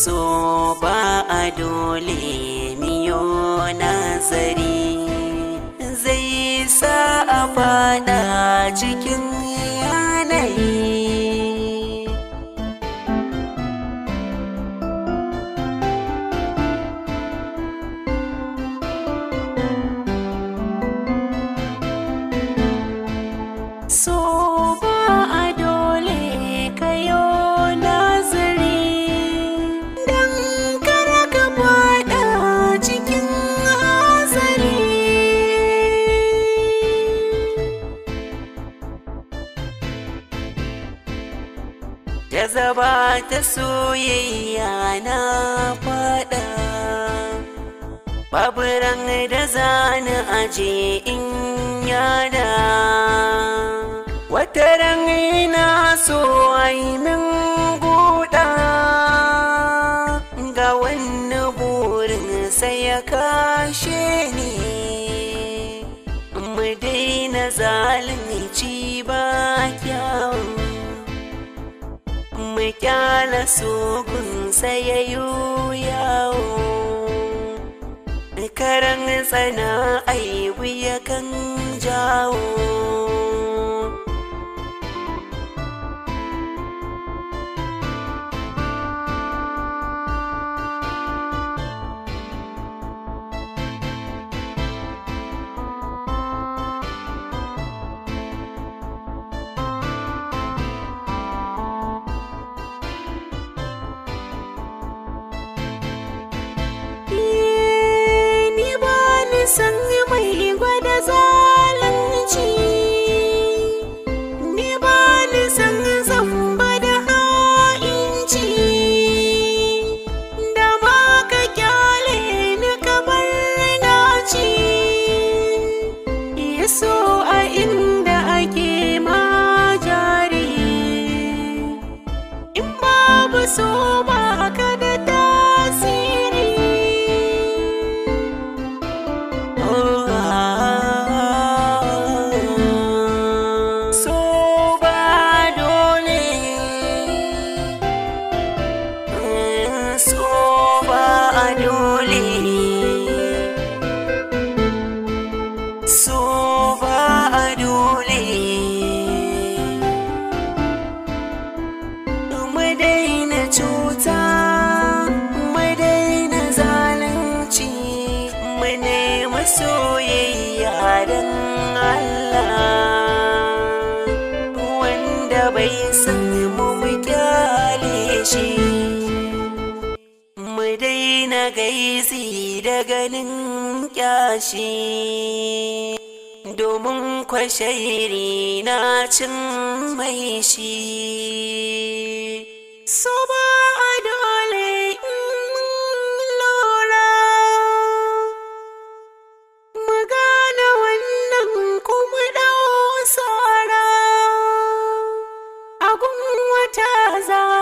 So ba a dole miyo nazari zai sa a fada cikin da zaba ta soyayya na faɗa babu ran da zani aje in yada wata ran ina so ai min guda ga wani burin sai ya kashe ni mu daina zalunci ba kyawun ya kyala sogun sayayyu yawo karan tsana aibu ya jawo so a inda ake ma jari in babu so ba ka yaran Allah wanda bai san mu mu kyale shi mu daina gaisi da ganin kyashi domin kwashe na cin mai shi kataza